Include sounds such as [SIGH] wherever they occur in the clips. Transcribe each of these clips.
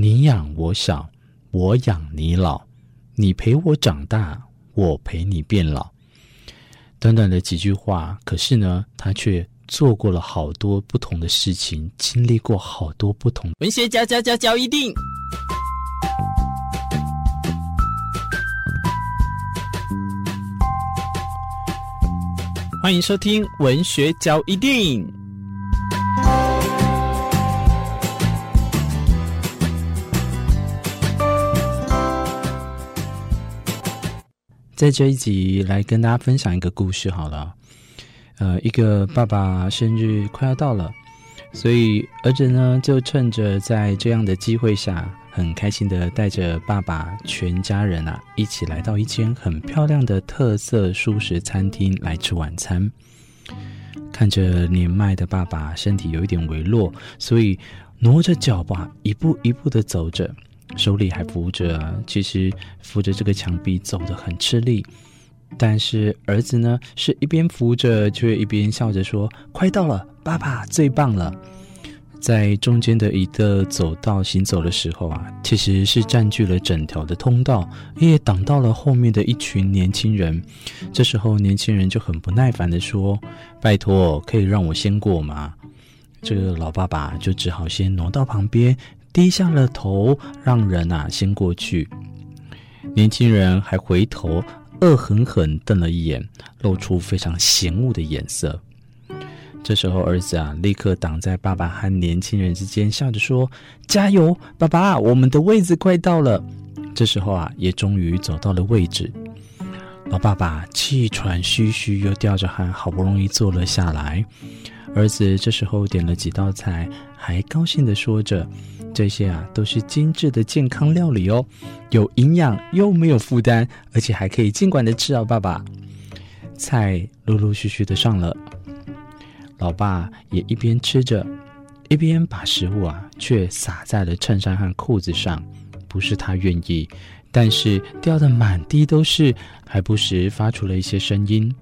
你養我小，我養你老，你陪我長大，我陪你變老。短短的幾句話，可是呢，他卻做過了好多不同的事情，經歷過好多不同的。文嚼家家家教一定，歡迎收聽文嚼教一定。在這一集來跟大家分享一個故事好了，呃，一個爸爸生日快要到了，所以兒子呢就趁着在這樣的機會下，很開心的帶着爸爸全家人啊一起來到一間很漂亮的特色素食餐廳來吃晚餐。看着年邁的爸爸身體有一點微弱，所以挪着腳步啊一步一步的走着。手裡還扶着，其實扶着這個牆壁走得很吃力。但是兒子呢，是一邊扶着，卻一邊笑着說：“快到了，爸爸最棒了。”在中間的一個走道行走的時候啊，其實是占據了整條的通道，也擋到了後面的一群年輕人。這時候年輕人就很不耐煩地說：“拜托，可以讓我先過嗎？”這個老爸爸就只好先挪到旁邊。低下了頭，讓人啊先過去。年輕人還回頭，惡狠狠瞪了一眼，露出非常嫌惡的眼色。這時候，兒子啊立刻擋在爸爸和年輕人之間，笑着說：“加油，爸爸，我們的位置快到了。”這時候啊，也終於走到了位置。老爸爸氣喘吁吁，又掉着汗，好不容易坐了下來。兒子這時候點了幾道菜，還高興地說着：“這些啊都是精致的健康料理哦，有營養又沒有負擔，而且還可以儘管地吃哦啊，爸爸。”菜陸陸續續的上了，老爸也一邊吃着，一邊把食物啊卻撒在了襯衫和褲子上，不是他願意，但是掉得滿地都是，還不時發出了一些聲音。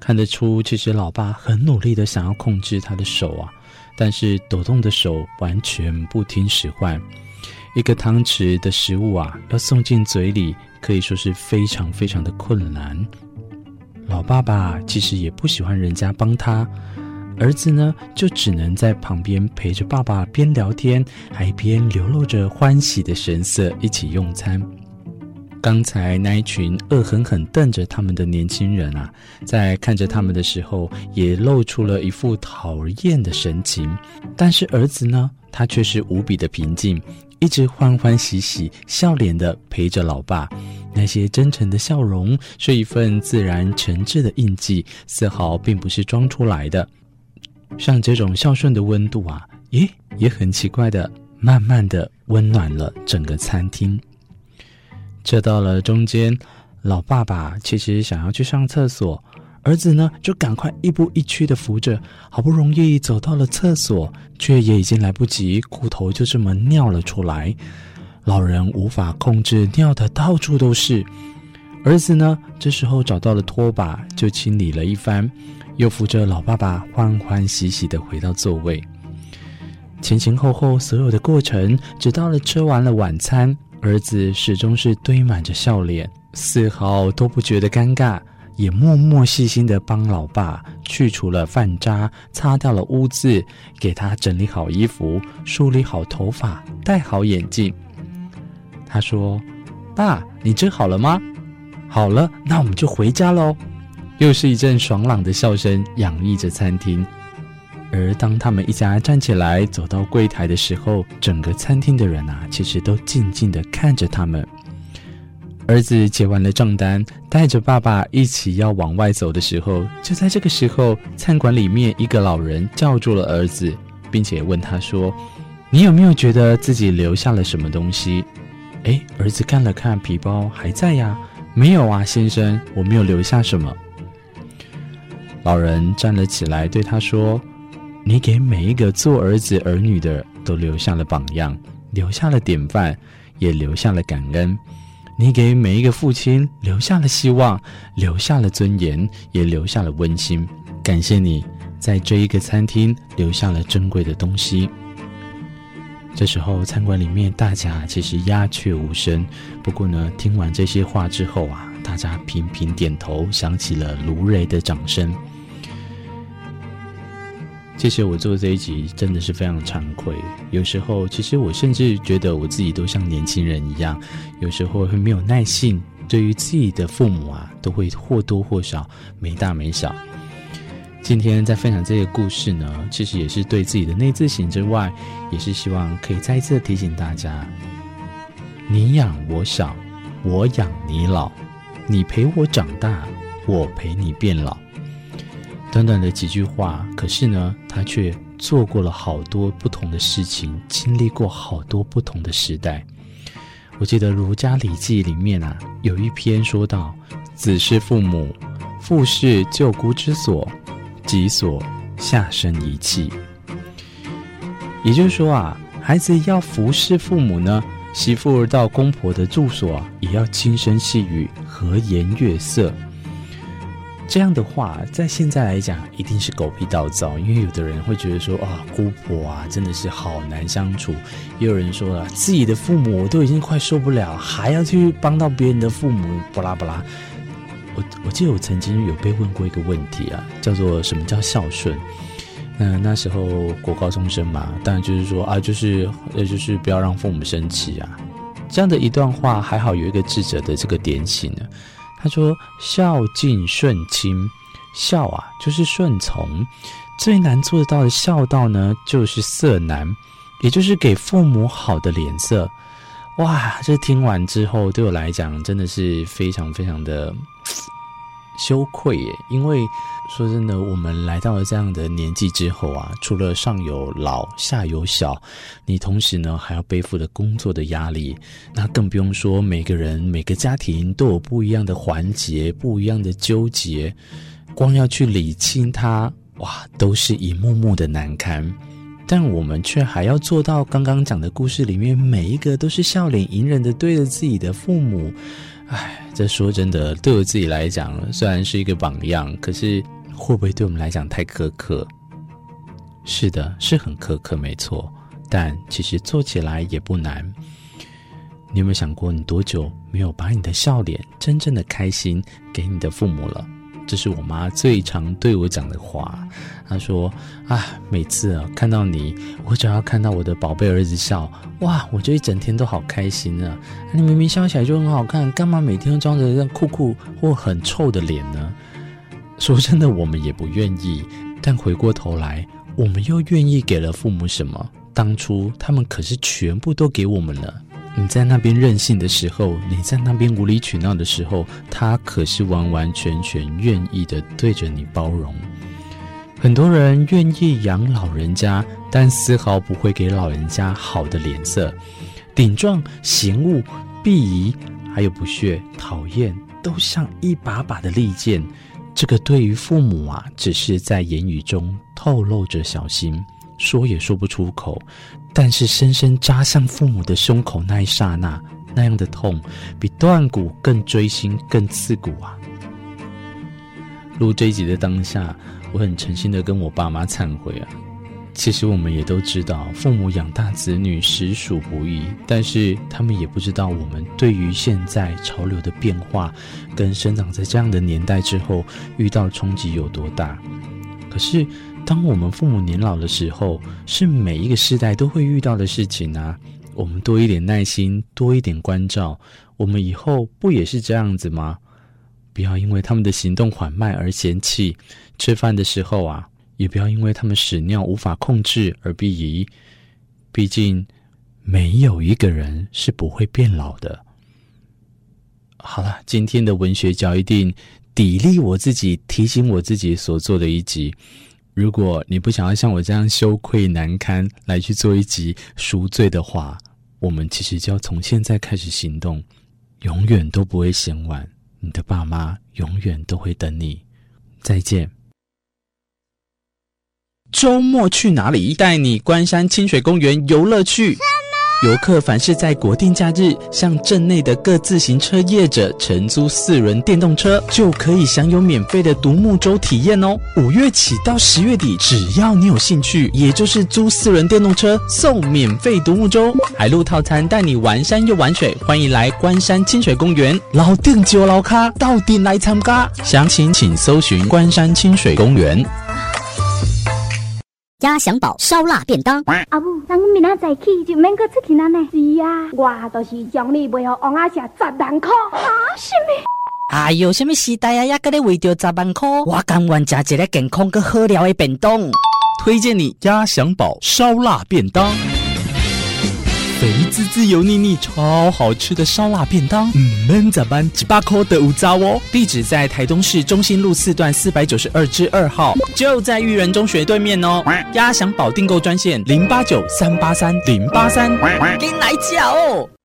看得出，其實老爸很努力地想要控制他的手啊，但是抖動的手完全不聽使喚。一個湯匙的食物啊，要送進嘴裡，可以說是非常非常的困難。老爸爸其實也不喜歡人家幫他，兒子呢，就只能在旁邊陪着爸爸邊聊天，還邊流露着歡喜的神色一起用餐。剛才那一群惡狠狠瞪着他們的年輕人啊，在看着他們的時候，也露出了一副討厭的神情。但是兒子呢，他卻是無比的平靜，一直歡歡喜喜、笑臉的陪着老爸。那些真誠的笑容，是一份自然、誠摯的印記，絲毫並不是裝出來的。像這種孝順的溫度啊，誒，也很奇怪的，慢慢的溫暖了整個餐廳。車到了中間，老爸爸其實想要去上廁所，兒子呢就趕快亦步亦趨的扶着，好不容易走到了廁所，卻也已經來不及，褲頭就這麼尿了出來。老人無法控制，尿得到處都是。兒子呢這時候找到了拖把，就清理了一番，又扶着老爸爸歡歡喜喜的回到座位。前前後後所有的過程，直到了吃完了晚餐。兒子始終是堆滿着笑臉，絲毫都不覺得尷尬，也默默細心地幫老爸去除了飯渣，擦掉了污漬，給他整理好衣服，梳理好頭髮，戴好眼鏡。他說：“爸，你吃好了嗎？好了，那我們就回家嘍。”又是一陣爽朗的笑聲洋溢着餐廳。而當他們一家站起來走到櫃檯的時候，整個餐廳的人吶、啊，其實都靜靜的看着他們。兒子結完了賬單，帶着爸爸一起要往外走的時候，就在這個時候，餐館裡面一個老人叫住了兒子，並且問他說：“你有沒有覺得自己留下了什麼東西？”哎，兒子看了看皮包，還在呀，、啊，沒有啊，先生，我沒有留下什麼。老人站了起來，對他說，你給每一個做兒子、兒女的都留下了榜樣，留下了典範，也留下了感恩。你給每一個父親留下了希望，留下了尊嚴，也留下了溫馨。感謝你在這一個餐廳留下了珍貴的東西。這時候，餐館裡面大家其實鴉雀無聲。不過呢，聽完這些話之後啊，大家頻頻點頭，響起了如雷的掌聲。其實我做這一集真的是非常慚愧。有時候，其實我甚至覺得我自己都像年輕人一樣，有時候會沒有耐性，對於自己的父母啊，都會或多或少沒大沒小。今天在分享這個故事呢，其實也是對自己的內自省之外，也是希望可以再一次提醒大家：你養我小，我養你老；你陪我長大，我陪你變老。短短的幾句話，可是呢，他卻做過了好多不同的事情，經歷過好多不同的時代。我記得《儒家禮記》裡面啊，有一篇說道：“子事父母，父事舅姑之所，己所下氣怡聲。”也就是說啊，孩子要服侍父母呢，媳婦到公婆的住所也要輕聲細語、和顏悅色。這樣的話，在現在來講，一定是狗屁倒灶。因為有的人會覺得說啊，姑婆啊，真的是好難相處。也有人說了，啊，自己的父母都已經快受不了，還要去幫到別人的父母，巴拉巴拉。我我記得我曾經有被問過一個問題啊，叫做什麼叫孝順？嗯，那時候國高中生嘛，當然就是說啊，就是呃，就是不要讓父母生氣啊。這樣的一段話，還好有一個智者的這個點醒呢。他說：“孝敬順親，孝啊，就是順從。最難做到的孝道呢，就是色難，也就是給父母好的臉色。哇，這聽完之後，對我來講，真的是非常非常的。”羞愧耶，因為說真的，我們來到了這樣的年紀之後啊，除了上有老下有小，你同時呢還要背負着工作的壓力，那更不用說每個人每個家庭都有不一樣的環節、不一樣的糾結，光要去理清它，哇，都是一幕幕的難堪，但我們卻還要做到剛剛講的故事裡面每一個都是笑臉隱忍的對着自己的父母。唉，這說真的，對我自己來講，雖然是一個榜樣，可是會不會對我們來講太苛刻？是的，是很苛刻，沒錯。但其實做起來也不難。你有沒有想過，你多久沒有把你的笑臉、真正的開心給你的父母了？這是我媽最常對我講的話，她說：“啊，每次啊看到你，我只要看到我的寶貝兒子笑，哇，我就一整天都好開心啊！啊你明明笑起來就很好看，幹嘛每天都裝着一張酷酷或很臭的臉呢？”說真的，我們也不願意，但回過頭來，我們又願意給了父母什麼？當初他們可是全部都給我們了。你在那邊任性的時候，你在那邊無理取鬧的時候，他可是完完全全願意的對着你包容。很多人願意養老人家，但絲毫不會給老人家好的臉色，頂撞、嫌惡、鄙夷，還有不屑、討厭，都像一把把的利劍。這個對於父母啊，只是在言語中透露着小心。說也說不出口，但是深深扎向父母的胸口，那一剎那，那樣的痛，比斷骨更錐心、更刺骨啊！錄這一集的當下，我很誠心的跟我爸媽懺悔啊！其實我們也都知道，父母養大子女實屬不易，但是他們也不知道我們對於現在潮流的變化，跟生長在這樣的年代之後遇到的衝擊有多大。可是。當我們父母年老的時候，是每一個世代都會遇到的事情啊！我們多一點耐心，多一點關照，我們以後不也是這樣子嗎？不要因為他們的行動緩慢而嫌棄，吃飯的時候啊，也不要因為他們屎尿無法控制而鄙夷。畢竟，沒有一個人是不會變老的。好了，今天的文學角一定砥礪我自己，提醒我自己所做的一集。如果你不想要像我這樣羞愧難堪，來去做一集贖罪的話，我們其實就要從現在開始行動，永遠都不會嫌晚。你的爸媽永遠都會等你。再見。周末去哪裡？帶你觀山清水公園遊樂去。 [LAUGHS] 遊客凡是在國定假日向鎮內的各自行車業者承租四輪電動車，就可以享有免費的獨木舟體驗哦。五月起到十月底，只要你有興趣，也就是租四輪電動車送免費獨木舟、海陸套餐，帶你玩山又玩水。歡迎來關山親水公園，老店酒老咖，到底來參加。詳情請搜尋關山親水公園。鴨翔堡燒臘便當。阿母，咱明仔早起就免擱出去了呢。是啊，我就是獎勵袂好王阿祥十萬塊。什、啊、麼？哎呦，什麼時代啊，還擱咧為著十萬塊？我甘願食一個健康擱好料的便當。推薦你鴨翔堡燒臘便當。肥滋滋、油膩膩、超好吃的燒臘便當，嗯們咋辦？七八顆豆腐渣哦！地址在台東市中心路四段四百九十二之二號，就在育人中學對面哦。鴨翔寶訂購專線零八九三八三零八三，給你來叫哦。